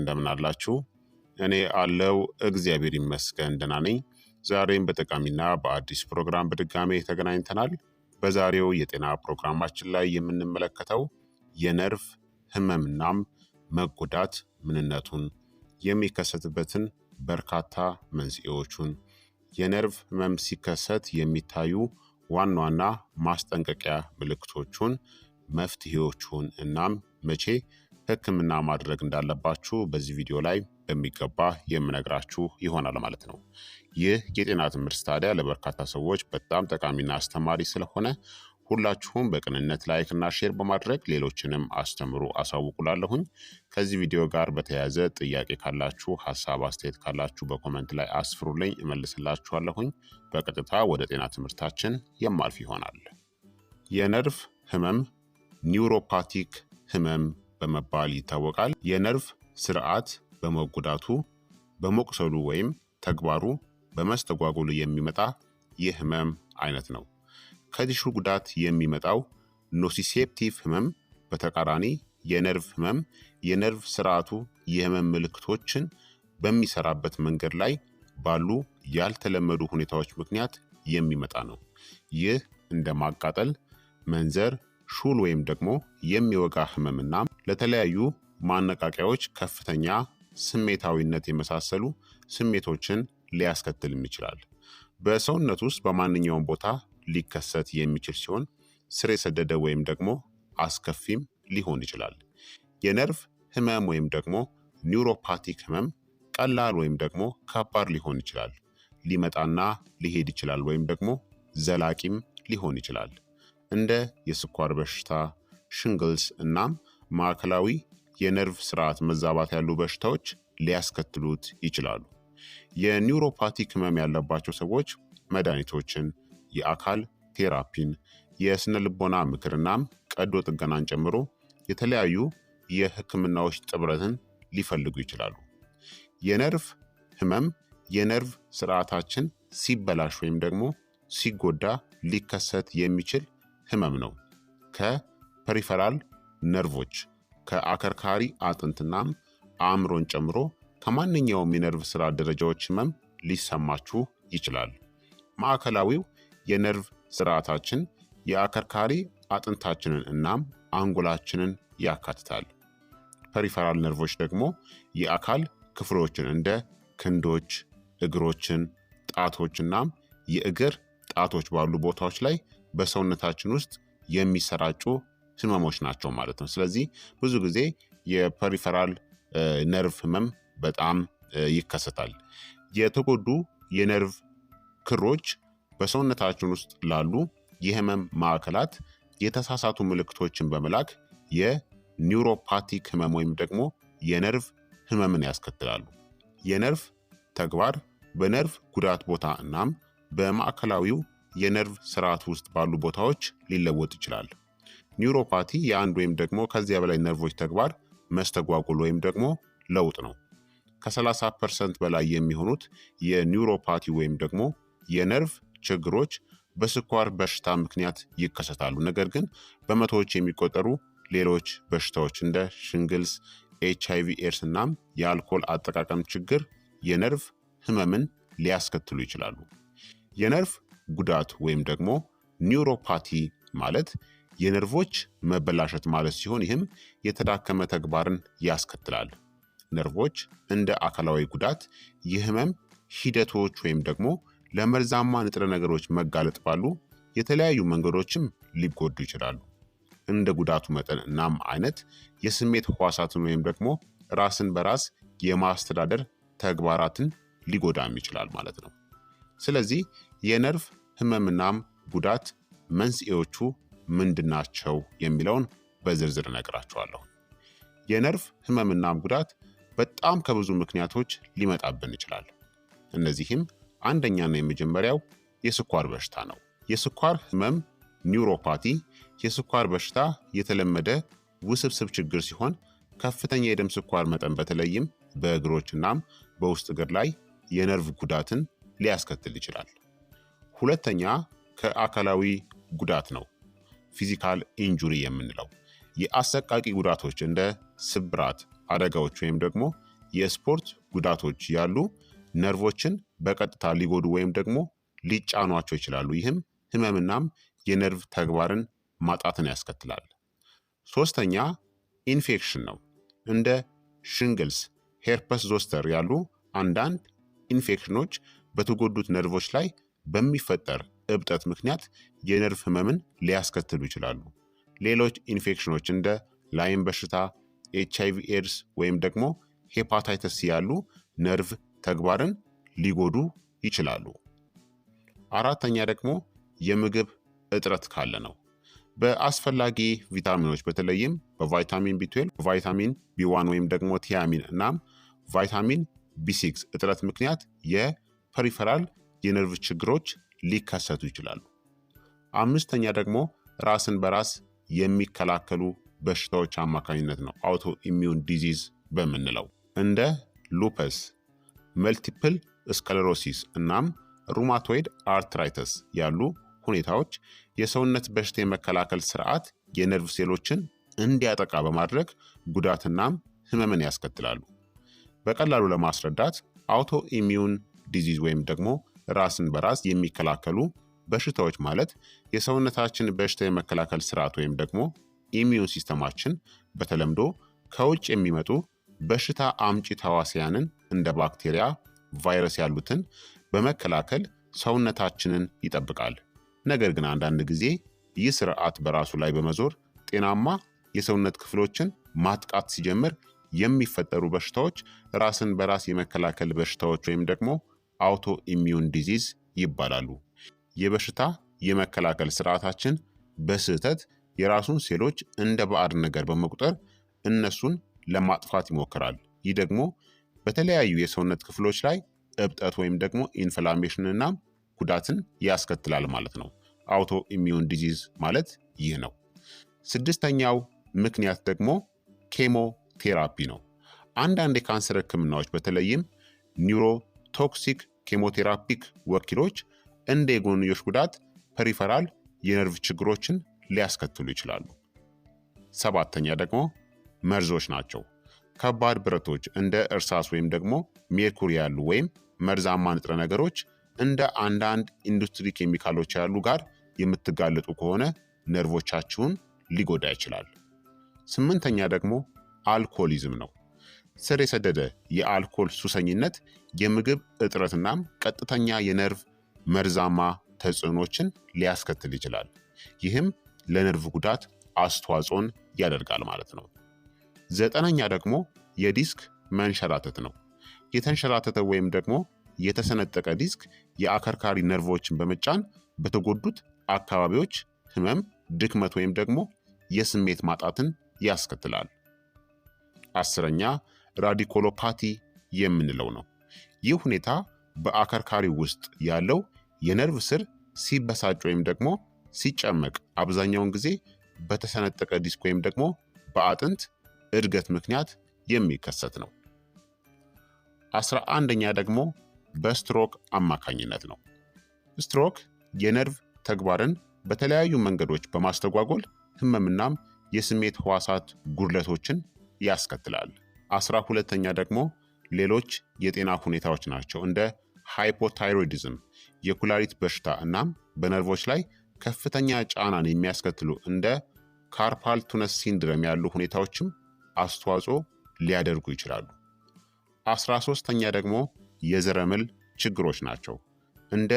እንደምን አላችሁ? እኔ አለው እግዚአብሔር ይመስገን ደህና ነኝ። ዛሬም በጠቃሚና በአዲስ ፕሮግራም በድጋሜ ተገናኝተናል። በዛሬው የጤና ፕሮግራማችን ላይ የምንመለከተው የነርቭ ህመምናም መጎዳት ምንነቱን፣ የሚከሰትበትን በርካታ መንስኤዎቹን፣ የነርቭ ህመም ሲከሰት የሚታዩ ዋና ዋና ማስጠንቀቂያ ምልክቶቹን፣ መፍትሄዎቹን እናም መቼ ህክምና ማድረግ እንዳለባችሁ በዚህ ቪዲዮ ላይ በሚገባ የምነግራችሁ ይሆናል ማለት ነው። ይህ የጤና ትምህርት ታዲያ ለበርካታ ሰዎች በጣም ጠቃሚና አስተማሪ ስለሆነ ሁላችሁም በቅንነት ላይክ እና ሼር በማድረግ ሌሎችንም አስተምሩ አሳውቁላለሁኝ። ከዚህ ቪዲዮ ጋር በተያያዘ ጥያቄ ካላችሁ፣ ሀሳብ አስተያየት ካላችሁ በኮመንት ላይ አስፍሩልኝ፣ እመልስላችኋለሁኝ። በቀጥታ ወደ ጤና ትምህርታችን የማልፍ ይሆናል። የነርቭ ህመም ኒውሮፓቲክ ህመም በመባል ይታወቃል። የነርቭ ስርዓት በመጎዳቱ በመቁሰሉ ወይም ተግባሩ በመስተጓጎሉ የሚመጣ የህመም አይነት ነው። ከቲሹ ጉዳት የሚመጣው ኖሲሴፕቲቭ ህመም በተቃራኒ የነርቭ ህመም የነርቭ ስርዓቱ የህመም ምልክቶችን በሚሰራበት መንገድ ላይ ባሉ ያልተለመዱ ሁኔታዎች ምክንያት የሚመጣ ነው። ይህ እንደ ማቃጠል፣ መንዘር፣ ሹል ወይም ደግሞ የሚወጋ ህመምና ለተለያዩ ማነቃቂያዎች ከፍተኛ ስሜታዊነት የመሳሰሉ ስሜቶችን ሊያስከትልም ይችላል። በሰውነት ውስጥ በማንኛውም ቦታ ሊከሰት የሚችል ሲሆን ስር የሰደደ ወይም ደግሞ አስከፊም ሊሆን ይችላል። የነርቭ ህመም ወይም ደግሞ ኒውሮፓቲክ ህመም ቀላል ወይም ደግሞ ከባድ ሊሆን ይችላል። ሊመጣና ሊሄድ ይችላል ወይም ደግሞ ዘላቂም ሊሆን ይችላል። እንደ የስኳር በሽታ፣ ሽንግልስ እናም ማዕከላዊ የነርቭ ስርዓት መዛባት ያሉ በሽታዎች ሊያስከትሉት ይችላሉ። የኒውሮፓቲክ ህመም ያለባቸው ሰዎች መድኃኒቶችን፣ የአካል ቴራፒን፣ የስነ ልቦና ምክርናም ቀዶ ጥገናን ጨምሮ የተለያዩ የህክምናዎች ጥብረትን ሊፈልጉ ይችላሉ። የነርቭ ህመም የነርቭ ስርዓታችን ሲበላሽ ወይም ደግሞ ሲጎዳ ሊከሰት የሚችል ህመም ነው። ከፐሪፈራል ነርቮች ከአከርካሪ አጥንትናም አእምሮን ጨምሮ ከማንኛውም የነርቭ ስራ ደረጃዎች ህመም ሊሰማችሁ ይችላል። ማዕከላዊው የነርቭ ስርዓታችን የአከርካሪ አጥንታችንን እናም አንጎላችንን ያካትታል። ፐሪፈራል ነርቮች ደግሞ የአካል ክፍሎችን እንደ ክንዶች፣ እግሮችን፣ ጣቶች እናም የእግር ጣቶች ባሉ ቦታዎች ላይ በሰውነታችን ውስጥ የሚሰራጩ ህመሞች ናቸው ማለት ነው። ስለዚህ ብዙ ጊዜ የፐሪፈራል ነርቭ ህመም በጣም ይከሰታል። የተጎዱ የነርቭ ክሮች በሰውነታችን ውስጥ ላሉ የህመም ማዕከላት የተሳሳቱ ምልክቶችን በመላክ የኒውሮፓቲክ ህመም ወይም ደግሞ የነርቭ ህመምን ያስከትላሉ። የነርቭ ተግባር በነርቭ ጉዳት ቦታ እናም በማዕከላዊው የነርቭ ስርዓት ውስጥ ባሉ ቦታዎች ሊለወጥ ይችላል። ኒውሮፓቲ የአንድ ወይም ደግሞ ከዚያ በላይ ነርቮች ተግባር መስተጓጎል ወይም ደግሞ ለውጥ ነው። ከ30 ፐርሰንት በላይ የሚሆኑት የኒውሮፓቲ ወይም ደግሞ የነርቭ ችግሮች በስኳር በሽታ ምክንያት ይከሰታሉ። ነገር ግን በመቶዎች የሚቆጠሩ ሌሎች በሽታዎች እንደ ሽንግልስ፣ ኤች አይቪ ኤድስ እናም የአልኮል አጠቃቀም ችግር የነርቭ ህመምን ሊያስከትሉ ይችላሉ። የነርቭ ጉዳት ወይም ደግሞ ኒውሮፓቲ ማለት የነርቮች መበላሸት ማለት ሲሆን ይህም የተዳከመ ተግባርን ያስከትላል። ነርቮች እንደ አካላዊ ጉዳት የህመም ሂደቶች ወይም ደግሞ ለመርዛማ ንጥረ ነገሮች መጋለጥ ባሉ የተለያዩ መንገዶችም ሊጎዱ ይችላሉ። እንደ ጉዳቱ መጠን እናም አይነት የስሜት ህዋሳትን ወይም ደግሞ ራስን በራስ የማስተዳደር ተግባራትን ሊጎዳም ይችላል ማለት ነው። ስለዚህ የነርቭ ህመምናም ጉዳት መንስኤዎቹ ምንድናቸው የሚለውን በዝርዝር እነግራችኋለሁ። የነርቭ ህመምናም ጉዳት በጣም ከብዙ ምክንያቶች ሊመጣብን ይችላል። እነዚህም አንደኛና የመጀመሪያው የስኳር በሽታ ነው። የስኳር ህመም ኒውሮፓቲ የስኳር በሽታ የተለመደ ውስብስብ ችግር ሲሆን ከፍተኛ የደም ስኳር መጠን በተለይም በእግሮች እናም በውስጥ እግር ላይ የነርቭ ጉዳትን ሊያስከትል ይችላል። ሁለተኛ ከአካላዊ ጉዳት ነው፣ ፊዚካል ኢንጁሪ የምንለው የአሰቃቂ ጉዳቶች እንደ ስብራት አደጋዎች ወይም ደግሞ የስፖርት ጉዳቶች ያሉ ነርቮችን በቀጥታ ሊጎዱ ወይም ደግሞ ሊጫኗቸው ይችላሉ። ይህም ህመምናም የነርቭ ተግባርን ማጣትን ያስከትላል። ሶስተኛ ኢንፌክሽን ነው። እንደ ሽንግልስ፣ ሄርፐስ ዞስተር ያሉ አንዳንድ ኢንፌክሽኖች በተጎዱት ነርቮች ላይ በሚፈጠር እብጠት ምክንያት የነርቭ ህመምን ሊያስከትሉ ይችላሉ። ሌሎች ኢንፌክሽኖች እንደ ላይም በሽታ፣ ኤች አይቪ ኤድስ ወይም ደግሞ ሄፓታይተስ ያሉ ነርቭ ተግባርን ሊጎዱ ይችላሉ። አራተኛ ደግሞ የምግብ እጥረት ካለ ነው። በአስፈላጊ ቪታሚኖች በተለይም በቫይታሚን ቢ12፣ ቫይታሚን ቢ1 ወይም ደግሞ ቲያሚን እናም ቫይታሚን ቢ6 እጥረት ምክንያት የፐሪፈራል የነርቭ ችግሮች ሊከሰቱ ይችላሉ። አምስተኛ ደግሞ ራስን በራስ የሚከላከሉ በሽታዎች አማካኝነት ነው፣ አውቶ ኢሚዩን ዲዚዝ በምንለው እንደ ሉፐስ፣ መልቲፕል ስክለሮሲስ እናም ሩማቶይድ አርትራይተስ ያሉ ሁኔታዎች የሰውነት በሽታ የመከላከል ስርዓት የነርቭ ሴሎችን እንዲያጠቃ በማድረግ ጉዳትናም ህመምን ያስከትላሉ። በቀላሉ ለማስረዳት አውቶ ኢሚዩን ዲዚዝ ወይም ደግሞ ራስን በራስ የሚከላከሉ በሽታዎች ማለት የሰውነታችን በሽታ የመከላከል ስርዓት ወይም ደግሞ ኢሚዩን ሲስተማችን በተለምዶ ከውጭ የሚመጡ በሽታ አምጪ ተዋሲያንን እንደ ባክቴሪያ፣ ቫይረስ ያሉትን በመከላከል ሰውነታችንን ይጠብቃል። ነገር ግን አንዳንድ ጊዜ ይህ ስርዓት በራሱ ላይ በመዞር ጤናማ የሰውነት ክፍሎችን ማጥቃት ሲጀምር የሚፈጠሩ በሽታዎች ራስን በራስ የመከላከል በሽታዎች ወይም ደግሞ አውቶ ኢሚዩን ዲዚዝ ይባላሉ። የበሽታ የመከላከል ስርዓታችን በስህተት የራሱን ሴሎች እንደ ባዕድ ነገር በመቁጠር እነሱን ለማጥፋት ይሞክራል። ይህ ደግሞ በተለያዩ የሰውነት ክፍሎች ላይ እብጠት ወይም ደግሞ ኢንፍላሜሽንና ጉዳትን ያስከትላል ማለት ነው። አውቶ ኢሚዩን ዲዚዝ ማለት ይህ ነው። ስድስተኛው ምክንያት ደግሞ ኬሞ ቴራፒ ነው። አንዳንድ የካንሰር ህክምናዎች በተለይም ኒውሮ ቶክሲክ ኬሞቴራፒክ ወኪሎች እንደ የጎንዮሽ ጉዳት ፐሪፈራል የነርቭ ችግሮችን ሊያስከትሉ ይችላሉ። ሰባተኛ ደግሞ መርዞች ናቸው። ከባድ ብረቶች እንደ እርሳስ ወይም ደግሞ ሜርኩሪ ያሉ ወይም መርዛማ ንጥረ ነገሮች እንደ አንዳንድ ኢንዱስትሪ ኬሚካሎች ያሉ ጋር የምትጋለጡ ከሆነ ነርቮቻችሁን ሊጎዳ ይችላል። ስምንተኛ ደግሞ አልኮሊዝም ነው። ስር የሰደደ የአልኮል ሱሰኝነት፣ የምግብ እጥረትናም ቀጥተኛ የነርቭ መርዛማ ተጽዕኖችን ሊያስከትል ይችላል። ይህም ለነርቭ ጉዳት አስተዋጽኦን ያደርጋል ማለት ነው። ዘጠነኛ ደግሞ የዲስክ መንሸራተት ነው። የተንሸራተተ ወይም ደግሞ የተሰነጠቀ ዲስክ የአከርካሪ ነርቮችን በመጫን በተጎዱት አካባቢዎች ህመም፣ ድክመት ወይም ደግሞ የስሜት ማጣትን ያስከትላል። አስረኛ ራዲኮሎፓቲ የምንለው ነው። ይህ ሁኔታ በአከርካሪው ውስጥ ያለው የነርቭ ስር ሲበሳጭ ወይም ደግሞ ሲጨመቅ አብዛኛውን ጊዜ በተሰነጠቀ ዲስክ ወይም ደግሞ በአጥንት እድገት ምክንያት የሚከሰት ነው። አስራ አንደኛ ደግሞ በስትሮክ አማካኝነት ነው። ስትሮክ የነርቭ ተግባርን በተለያዩ መንገዶች በማስተጓጎል ህመምናም የስሜት ህዋሳት ጉድለቶችን ያስከትላል። አስራ ሁለተኛ ደግሞ ሌሎች የጤና ሁኔታዎች ናቸው እንደ ሃይፖታይሮይዲዝም፣ የኩላሊት በሽታ እናም በነርቮች ላይ ከፍተኛ ጫናን የሚያስከትሉ እንደ ካርፓል ቱነስ ሲንድረም ያሉ ሁኔታዎችም አስተዋጽኦ ሊያደርጉ ይችላሉ። አስራ ሶስተኛ ደግሞ የዘረመል ችግሮች ናቸው። እንደ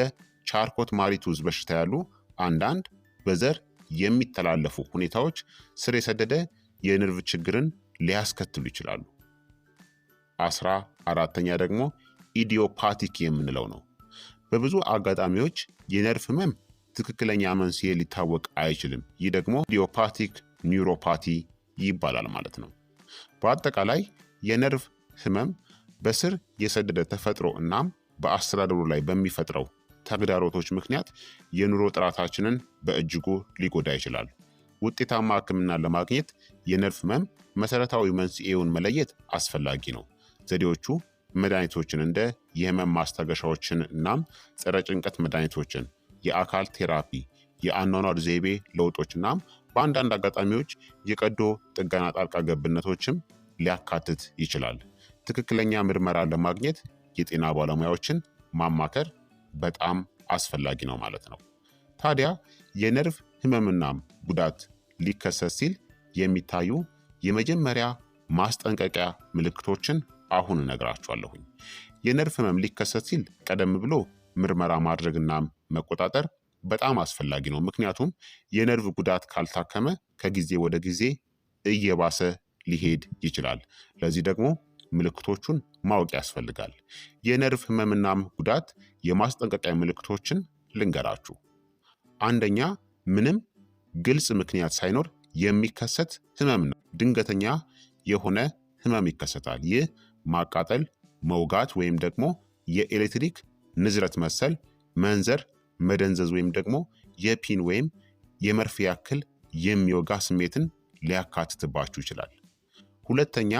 ቻርኮት ማሪቱዝ በሽታ ያሉ አንዳንድ በዘር የሚተላለፉ ሁኔታዎች ስር የሰደደ የነርቭ ችግርን ሊያስከትሉ ይችላሉ። አስራ አራተኛ ደግሞ ኢዲዮፓቲክ የምንለው ነው። በብዙ አጋጣሚዎች የነርቭ ህመም ትክክለኛ መንስኤ ሊታወቅ አይችልም። ይህ ደግሞ ኢዲዮፓቲክ ኒውሮፓቲ ይባላል ማለት ነው። በአጠቃላይ የነርቭ ህመም በስር የሰደደ ተፈጥሮ እናም በአስተዳደሩ ላይ በሚፈጥረው ተግዳሮቶች ምክንያት የኑሮ ጥራታችንን በእጅጉ ሊጎዳ ይችላል። ውጤታማ ህክምናን ለማግኘት የነርቭ ህመም መሰረታዊ መንስኤውን መለየት አስፈላጊ ነው። ዘዴዎቹ መድኃኒቶችን እንደ የህመም ማስታገሻዎችን እናም ጸረ ጭንቀት መድኃኒቶችን፣ የአካል ቴራፒ፣ የአኗኗር ዘይቤ ለውጦች እናም በአንዳንድ አጋጣሚዎች የቀዶ ጥገና ጣልቃ ገብነቶችም ሊያካትት ይችላል። ትክክለኛ ምርመራ ለማግኘት የጤና ባለሙያዎችን ማማከር በጣም አስፈላጊ ነው ማለት ነው። ታዲያ የነርቭ ህመምናም ጉዳት ሊከሰት ሲል የሚታዩ የመጀመሪያ ማስጠንቀቂያ ምልክቶችን አሁን እነግራችኋለሁኝ። የነርቭ ህመም ሊከሰት ሲል ቀደም ብሎ ምርመራ ማድረግና መቆጣጠር በጣም አስፈላጊ ነው። ምክንያቱም የነርቭ ጉዳት ካልታከመ ከጊዜ ወደ ጊዜ እየባሰ ሊሄድ ይችላል። ለዚህ ደግሞ ምልክቶቹን ማወቅ ያስፈልጋል። የነርቭ ህመምናም ጉዳት የማስጠንቀቂያ ምልክቶችን ልንገራችሁ። አንደኛ ምንም ግልጽ ምክንያት ሳይኖር የሚከሰት ህመም ነው። ድንገተኛ የሆነ ህመም ይከሰታል። ይህ ማቃጠል፣ መውጋት ወይም ደግሞ የኤሌክትሪክ ንዝረት መሰል መንዘር፣ መደንዘዝ ወይም ደግሞ የፒን ወይም የመርፌ ያክል የሚወጋ ስሜትን ሊያካትትባችሁ ይችላል። ሁለተኛ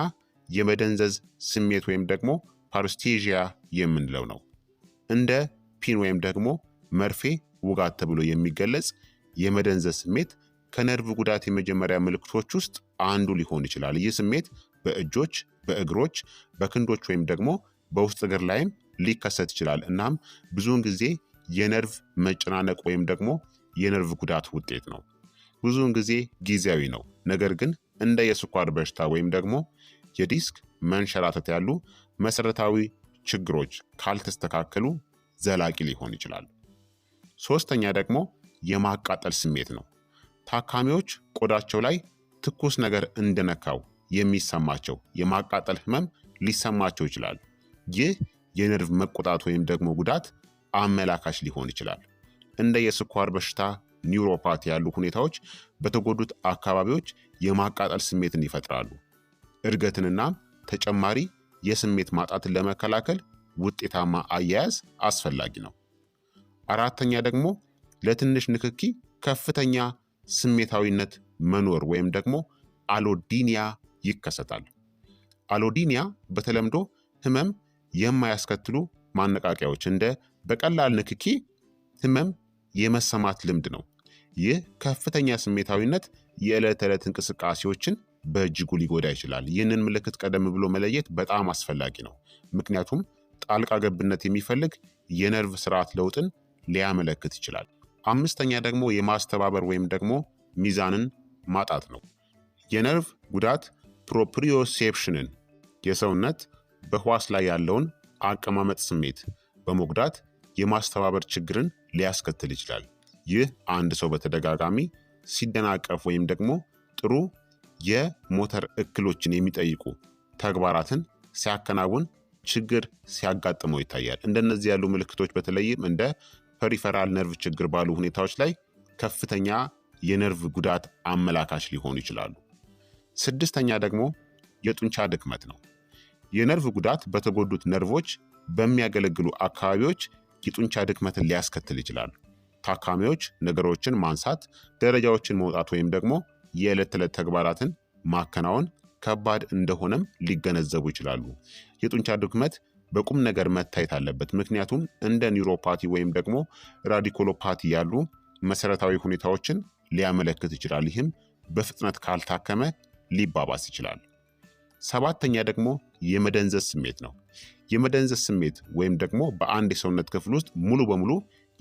የመደንዘዝ ስሜት ወይም ደግሞ ፓርስቴዥያ የምንለው ነው። እንደ ፒን ወይም ደግሞ መርፌ ውጋት ተብሎ የሚገለጽ የመደንዘዝ ስሜት ከነርቭ ጉዳት የመጀመሪያ ምልክቶች ውስጥ አንዱ ሊሆን ይችላል። ይህ ስሜት በእጆች፣ በእግሮች፣ በክንዶች ወይም ደግሞ በውስጥ እግር ላይም ሊከሰት ይችላል። እናም ብዙውን ጊዜ የነርቭ መጨናነቅ ወይም ደግሞ የነርቭ ጉዳት ውጤት ነው። ብዙውን ጊዜ ጊዜያዊ ነው። ነገር ግን እንደ የስኳር በሽታ ወይም ደግሞ የዲስክ መንሸራተት ያሉ መሰረታዊ ችግሮች ካልተስተካከሉ ዘላቂ ሊሆን ይችላል። ሶስተኛ ደግሞ የማቃጠል ስሜት ነው። ታካሚዎች ቆዳቸው ላይ ትኩስ ነገር እንደነካው የሚሰማቸው የማቃጠል ህመም ሊሰማቸው ይችላል። ይህ የነርቭ መቆጣት ወይም ደግሞ ጉዳት አመላካች ሊሆን ይችላል። እንደ የስኳር በሽታ ኒውሮፓቲ ያሉ ሁኔታዎች በተጎዱት አካባቢዎች የማቃጠል ስሜትን ይፈጥራሉ። እድገትንና ተጨማሪ የስሜት ማጣትን ለመከላከል ውጤታማ አያያዝ አስፈላጊ ነው። አራተኛ ደግሞ ለትንሽ ንክኪ ከፍተኛ ስሜታዊነት መኖር ወይም ደግሞ አሎዲኒያ ይከሰታል። አሎዲኒያ በተለምዶ ህመም የማያስከትሉ ማነቃቂያዎች እንደ በቀላል ንክኪ ህመም የመሰማት ልምድ ነው። ይህ ከፍተኛ ስሜታዊነት የዕለት ተዕለት እንቅስቃሴዎችን በእጅጉ ሊጎዳ ይችላል። ይህንን ምልክት ቀደም ብሎ መለየት በጣም አስፈላጊ ነው፣ ምክንያቱም ጣልቃ ገብነት የሚፈልግ የነርቭ ስርዓት ለውጥን ሊያመለክት ይችላል። አምስተኛ ደግሞ የማስተባበር ወይም ደግሞ ሚዛንን ማጣት ነው። የነርቭ ጉዳት ፕሮፕሪዮሴፕሽንን የሰውነት በህዋስ ላይ ያለውን አቀማመጥ ስሜት በመጉዳት የማስተባበር ችግርን ሊያስከትል ይችላል። ይህ አንድ ሰው በተደጋጋሚ ሲደናቀፍ ወይም ደግሞ ጥሩ የሞተር እክሎችን የሚጠይቁ ተግባራትን ሲያከናውን ችግር ሲያጋጥመው ይታያል። እንደነዚህ ያሉ ምልክቶች በተለይም እንደ ፐሪፈራል ነርቭ ችግር ባሉ ሁኔታዎች ላይ ከፍተኛ የነርቭ ጉዳት አመላካች ሊሆኑ ይችላሉ። ስድስተኛ ደግሞ የጡንቻ ድክመት ነው። የነርቭ ጉዳት በተጎዱት ነርቮች በሚያገለግሉ አካባቢዎች የጡንቻ ድክመትን ሊያስከትል ይችላል። ታካሚዎች ነገሮችን ማንሳት፣ ደረጃዎችን መውጣት ወይም ደግሞ የዕለት ተዕለት ተግባራትን ማከናወን ከባድ እንደሆነም ሊገነዘቡ ይችላሉ። የጡንቻ ድክመት በቁም ነገር መታየት አለበት። ምክንያቱም እንደ ኒውሮፓቲ ወይም ደግሞ ራዲኮሎፓቲ ያሉ መሰረታዊ ሁኔታዎችን ሊያመለክት ይችላል። ይህም በፍጥነት ካልታከመ ሊባባስ ይችላል። ሰባተኛ ደግሞ የመደንዘዝ ስሜት ነው። የመደንዘዝ ስሜት ወይም ደግሞ በአንድ የሰውነት ክፍል ውስጥ ሙሉ በሙሉ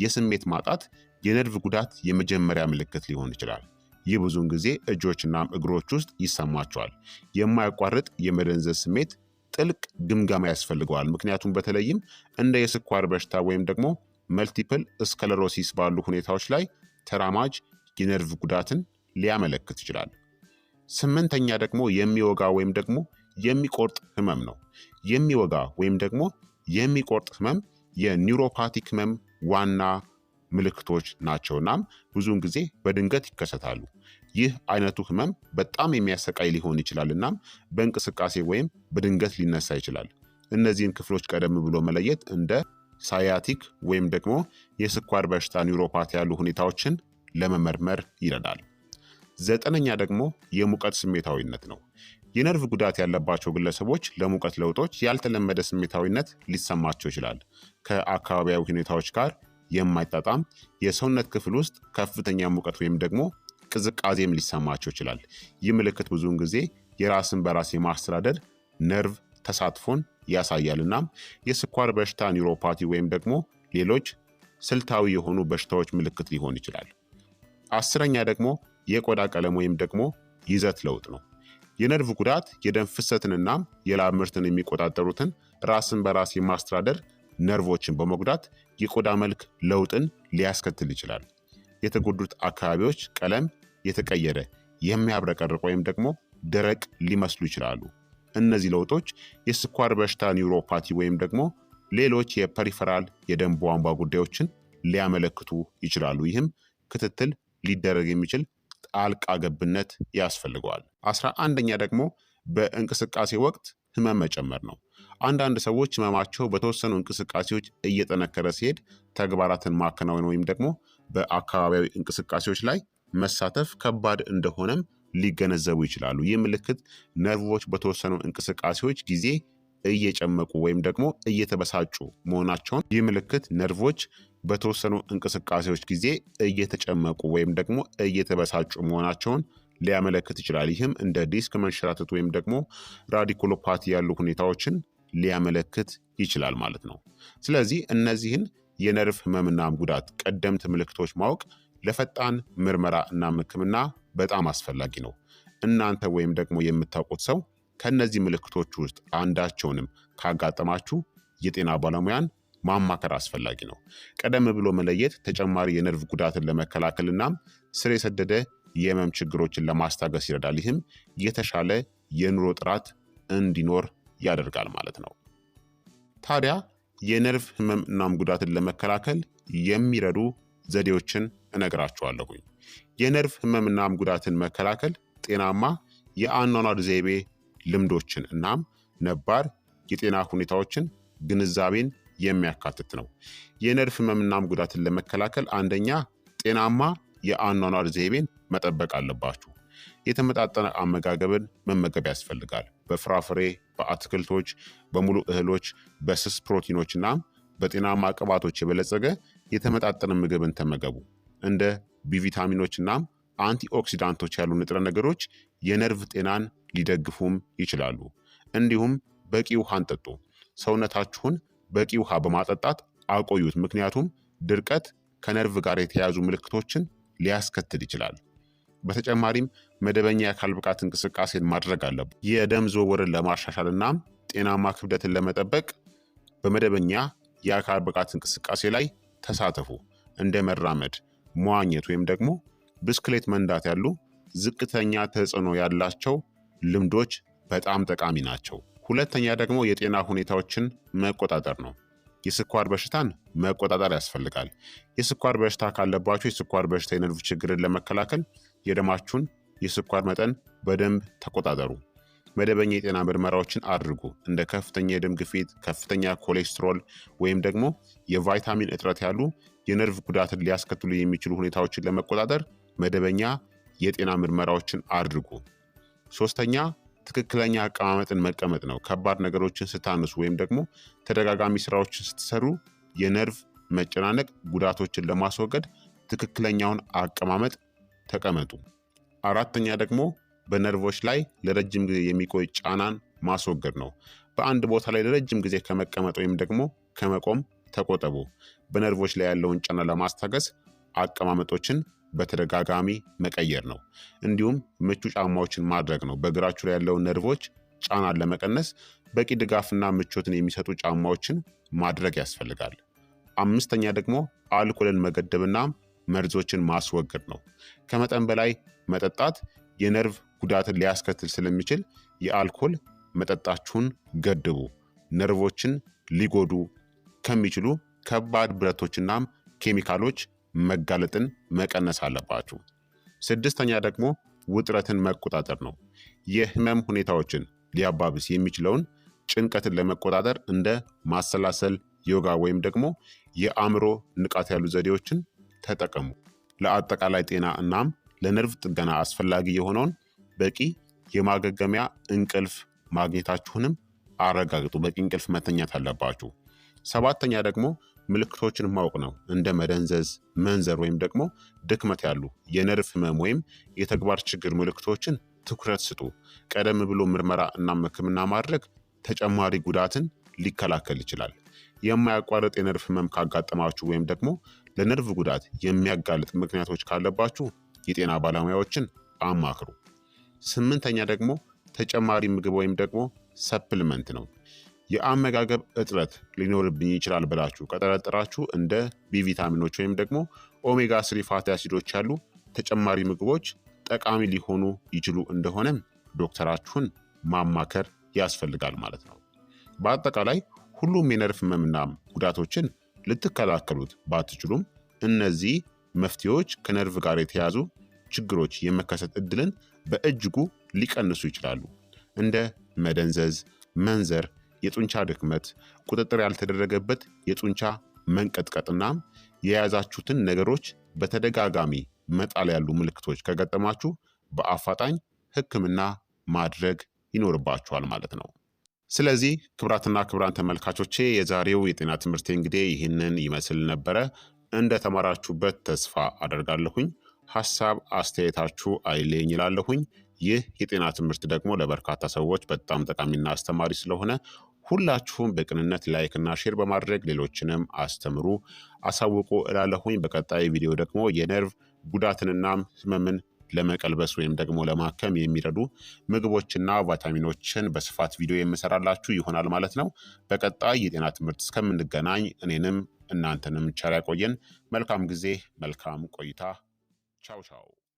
የስሜት ማጣት የነርቭ ጉዳት የመጀመሪያ ምልክት ሊሆን ይችላል። ይህ ብዙውን ጊዜ እጆችና እግሮች ውስጥ ይሰማቸዋል። የማያቋርጥ የመደንዘዝ ስሜት ጥልቅ ግምገማ ያስፈልገዋል። ምክንያቱም በተለይም እንደ የስኳር በሽታ ወይም ደግሞ መልቲፕል እስከለሮሲስ ባሉ ሁኔታዎች ላይ ተራማጅ የነርቭ ጉዳትን ሊያመለክት ይችላል። ስምንተኛ ደግሞ የሚወጋ ወይም ደግሞ የሚቆርጥ ህመም ነው። የሚወጋ ወይም ደግሞ የሚቆርጥ ህመም የኒውሮፓቲክ ህመም ዋና ምልክቶች ናቸው። እናም ብዙውን ጊዜ በድንገት ይከሰታሉ። ይህ አይነቱ ህመም በጣም የሚያሰቃይ ሊሆን ይችላል። እናም በእንቅስቃሴ ወይም በድንገት ሊነሳ ይችላል። እነዚህን ክፍሎች ቀደም ብሎ መለየት እንደ ሳያቲክ ወይም ደግሞ የስኳር በሽታ ኒውሮፓቲ ያሉ ሁኔታዎችን ለመመርመር ይረዳል። ዘጠነኛ ደግሞ የሙቀት ስሜታዊነት ነው። የነርቭ ጉዳት ያለባቸው ግለሰቦች ለሙቀት ለውጦች ያልተለመደ ስሜታዊነት ሊሰማቸው ይችላል። ከአካባቢያዊ ሁኔታዎች ጋር የማይጣጣም የሰውነት ክፍል ውስጥ ከፍተኛ ሙቀት ወይም ደግሞ ቅዝቃዜም ሊሰማቸው ይችላል። ይህ ምልክት ብዙውን ጊዜ የራስን በራስ የማስተዳደር ነርቭ ተሳትፎን ያሳያል። እናም የስኳር በሽታ ኒውሮፓቲ ወይም ደግሞ ሌሎች ስልታዊ የሆኑ በሽታዎች ምልክት ሊሆን ይችላል። አስረኛ ደግሞ የቆዳ ቀለም ወይም ደግሞ ይዘት ለውጥ ነው። የነርቭ ጉዳት የደም ፍሰትንና የላብ ምርትን የሚቆጣጠሩትን ራስን በራስ የማስተዳደር ነርቮችን በመጉዳት የቆዳ መልክ ለውጥን ሊያስከትል ይችላል። የተጎዱት አካባቢዎች ቀለም የተቀየረ የሚያብረቀርቅ ወይም ደግሞ ደረቅ ሊመስሉ ይችላሉ። እነዚህ ለውጦች የስኳር በሽታ ኒውሮፓቲ ወይም ደግሞ ሌሎች የፐሪፈራል የደም ቧንቧ ጉዳዮችን ሊያመለክቱ ይችላሉ። ይህም ክትትል ሊደረግ የሚችል ጣልቃ ገብነት ያስፈልገዋል። አስራ አንደኛ ደግሞ በእንቅስቃሴ ወቅት ህመም መጨመር ነው። አንዳንድ ሰዎች ህመማቸው በተወሰኑ እንቅስቃሴዎች እየጠነከረ ሲሄድ ተግባራትን ማከናወን ወይም ደግሞ በአካባቢያዊ እንቅስቃሴዎች ላይ መሳተፍ ከባድ እንደሆነም ሊገነዘቡ ይችላሉ። ይህ ምልክት ነርቮች በተወሰኑ እንቅስቃሴዎች ጊዜ እየጨመቁ ወይም ደግሞ እየተበሳጩ መሆናቸውን ይህ ምልክት ነርቮች በተወሰኑ እንቅስቃሴዎች ጊዜ እየተጨመቁ ወይም ደግሞ እየተበሳጩ መሆናቸውን ሊያመለክት ይችላል። ይህም እንደ ዲስክ መንሸራተት ወይም ደግሞ ራዲኮሎፓቲ ያሉ ሁኔታዎችን ሊያመለክት ይችላል ማለት ነው። ስለዚህ እነዚህን የነርቭ ህመምናም ጉዳት ቀደምት ምልክቶች ማወቅ ለፈጣን ምርመራ እናም ሕክምና በጣም አስፈላጊ ነው። እናንተ ወይም ደግሞ የምታውቁት ሰው ከእነዚህ ምልክቶች ውስጥ አንዳቸውንም ካጋጠማችሁ የጤና ባለሙያን ማማከር አስፈላጊ ነው። ቀደም ብሎ መለየት ተጨማሪ የነርቭ ጉዳትን ለመከላከልናም ስር የሰደደ የህመም ችግሮችን ለማስታገስ ይረዳል። ይህም የተሻለ የኑሮ ጥራት እንዲኖር ያደርጋል ማለት ነው። ታዲያ የነርቭ ህመም እናም ጉዳትን ለመከላከል የሚረዱ ዘዴዎችን እነግራችኋለሁኝ። የነርቭ ህመም እናም ጉዳትን መከላከል ጤናማ የአኗኗር ዘይቤ ልምዶችን እናም ነባር የጤና ሁኔታዎችን ግንዛቤን የሚያካትት ነው። የነድፍ ህመምናም ጉዳትን ለመከላከል አንደኛ ጤናማ የአኗኗር ዘይቤን መጠበቅ አለባችሁ። የተመጣጠነ አመጋገብን መመገብ ያስፈልጋል። በፍራፍሬ፣ በአትክልቶች፣ በሙሉ እህሎች፣ በስስ ፕሮቲኖች እናም በጤናማ ቅባቶች የበለጸገ የተመጣጠነ ምግብን ተመገቡ። እንደ ቢቪታሚኖች እናም አንቲ ኦክሲዳንቶች ያሉ ንጥረ ነገሮች የነርቭ ጤናን ሊደግፉም ይችላሉ። እንዲሁም በቂ ውሃን ጠጡ። ሰውነታችሁን በቂ ውሃ በማጠጣት አቆዩት፣ ምክንያቱም ድርቀት ከነርቭ ጋር የተያያዙ ምልክቶችን ሊያስከትል ይችላል። በተጨማሪም መደበኛ የአካል ብቃት እንቅስቃሴን ማድረግ አለብ። የደም ዝውውርን ለማሻሻል እናም ጤናማ ክብደትን ለመጠበቅ በመደበኛ የአካል ብቃት እንቅስቃሴ ላይ ተሳተፉ። እንደ መራመድ፣ መዋኘት ወይም ደግሞ ብስክሌት መንዳት ያሉ ዝቅተኛ ተጽዕኖ ያላቸው ልምዶች በጣም ጠቃሚ ናቸው። ሁለተኛ ደግሞ የጤና ሁኔታዎችን መቆጣጠር ነው። የስኳር በሽታን መቆጣጠር ያስፈልጋል። የስኳር በሽታ ካለባቸው የስኳር በሽታ የነርቭ ችግርን ለመከላከል የደማችሁን የስኳር መጠን በደንብ ተቆጣጠሩ። መደበኛ የጤና ምርመራዎችን አድርጉ። እንደ ከፍተኛ የደም ግፊት፣ ከፍተኛ ኮሌስትሮል ወይም ደግሞ የቫይታሚን እጥረት ያሉ የነርቭ ጉዳትን ሊያስከትሉ የሚችሉ ሁኔታዎችን ለመቆጣጠር መደበኛ የጤና ምርመራዎችን አድርጉ። ሶስተኛ ትክክለኛ አቀማመጥን መቀመጥ ነው። ከባድ ነገሮችን ስታነሱ ወይም ደግሞ ተደጋጋሚ ስራዎችን ስትሰሩ የነርቭ መጨናነቅ ጉዳቶችን ለማስወገድ ትክክለኛውን አቀማመጥ ተቀመጡ። አራተኛ ደግሞ በነርቮች ላይ ለረጅም ጊዜ የሚቆይ ጫናን ማስወገድ ነው። በአንድ ቦታ ላይ ለረጅም ጊዜ ከመቀመጥ ወይም ደግሞ ከመቆም ተቆጠቡ። በነርቮች ላይ ያለውን ጫና ለማስታገስ አቀማመጦችን በተደጋጋሚ መቀየር ነው። እንዲሁም ምቹ ጫማዎችን ማድረግ ነው። በእግራችሁ ላይ ያለውን ነርቮች ጫናን ለመቀነስ በቂ ድጋፍና ምቾትን የሚሰጡ ጫማዎችን ማድረግ ያስፈልጋል። አምስተኛ ደግሞ አልኮልን መገደብና መርዞችን ማስወገድ ነው። ከመጠን በላይ መጠጣት የነርቭ ጉዳትን ሊያስከትል ስለሚችል የአልኮል መጠጣችሁን ገድቡ። ነርቮችን ሊጎዱ ከሚችሉ ከባድ ብረቶችናም ኬሚካሎች መጋለጥን መቀነስ አለባችሁ። ስድስተኛ ደግሞ ውጥረትን መቆጣጠር ነው። የህመም ሁኔታዎችን ሊያባብስ የሚችለውን ጭንቀትን ለመቆጣጠር እንደ ማሰላሰል፣ ዮጋ ወይም ደግሞ የአእምሮ ንቃት ያሉ ዘዴዎችን ተጠቀሙ። ለአጠቃላይ ጤና እናም ለነርቭ ጥገና አስፈላጊ የሆነውን በቂ የማገገሚያ እንቅልፍ ማግኘታችሁንም አረጋግጡ። በቂ እንቅልፍ መተኛት አለባችሁ። ሰባተኛ ደግሞ ምልክቶችን ማወቅ ነው። እንደ መደንዘዝ፣ መንዘር ወይም ደግሞ ድክመት ያሉ የነርቭ ህመም ወይም የተግባር ችግር ምልክቶችን ትኩረት ስጡ። ቀደም ብሎ ምርመራ እናም ህክምና ማድረግ ተጨማሪ ጉዳትን ሊከላከል ይችላል። የማያቋርጥ የነርቭ ህመም ካጋጠማችሁ ወይም ደግሞ ለነርቭ ጉዳት የሚያጋልጥ ምክንያቶች ካለባችሁ የጤና ባለሙያዎችን አማክሩ። ስምንተኛ ደግሞ ተጨማሪ ምግብ ወይም ደግሞ ሰፕልመንት ነው። የአመጋገብ እጥረት ሊኖርብኝ ይችላል ብላችሁ ከጠረጠራችሁ እንደ ቢ ቪታሚኖች ወይም ደግሞ ኦሜጋ ስሪ ፋቲ አሲዶች ያሉ ተጨማሪ ምግቦች ጠቃሚ ሊሆኑ ይችሉ እንደሆነም ዶክተራችሁን ማማከር ያስፈልጋል ማለት ነው። በአጠቃላይ ሁሉም የነርቭ ህመምና ጉዳቶችን ልትከላከሉት ባትችሉም እነዚህ መፍትሄዎች ከነርቭ ጋር የተያዙ ችግሮች የመከሰት እድልን በእጅጉ ሊቀንሱ ይችላሉ። እንደ መደንዘዝ፣ መንዘር የጡንቻ ድክመት፣ ቁጥጥር ያልተደረገበት የጡንቻ መንቀጥቀጥና የያዛችሁትን ነገሮች በተደጋጋሚ መጣል ያሉ ምልክቶች ከገጠማችሁ በአፋጣኝ ሕክምና ማድረግ ይኖርባችኋል ማለት ነው። ስለዚህ ክብራትና ክብራን ተመልካቾቼ የዛሬው የጤና ትምህርቴ እንግዲህ ይህንን ይመስል ነበረ። እንደተማራችሁበት ተስፋ አደርጋለሁኝ። ሀሳብ አስተያየታችሁ አይለኝ ይላለሁኝ። ይህ የጤና ትምህርት ደግሞ ለበርካታ ሰዎች በጣም ጠቃሚና አስተማሪ ስለሆነ ሁላችሁም በቅንነት ላይክና ሼር በማድረግ ሌሎችንም አስተምሩ አሳውቁ እላለሁኝ። በቀጣይ ቪዲዮ ደግሞ የነርቭ ጉዳትንና ህመምን ለመቀልበስ ወይም ደግሞ ለማከም የሚረዱ ምግቦችና ቫይታሚኖችን በስፋት ቪዲዮ የምሰራላችሁ ይሆናል ማለት ነው። በቀጣይ የጤና ትምህርት እስከምንገናኝ እኔንም እናንተንም ቸር ያቆየን። መልካም ጊዜ፣ መልካም ቆይታ። ቻው ቻው።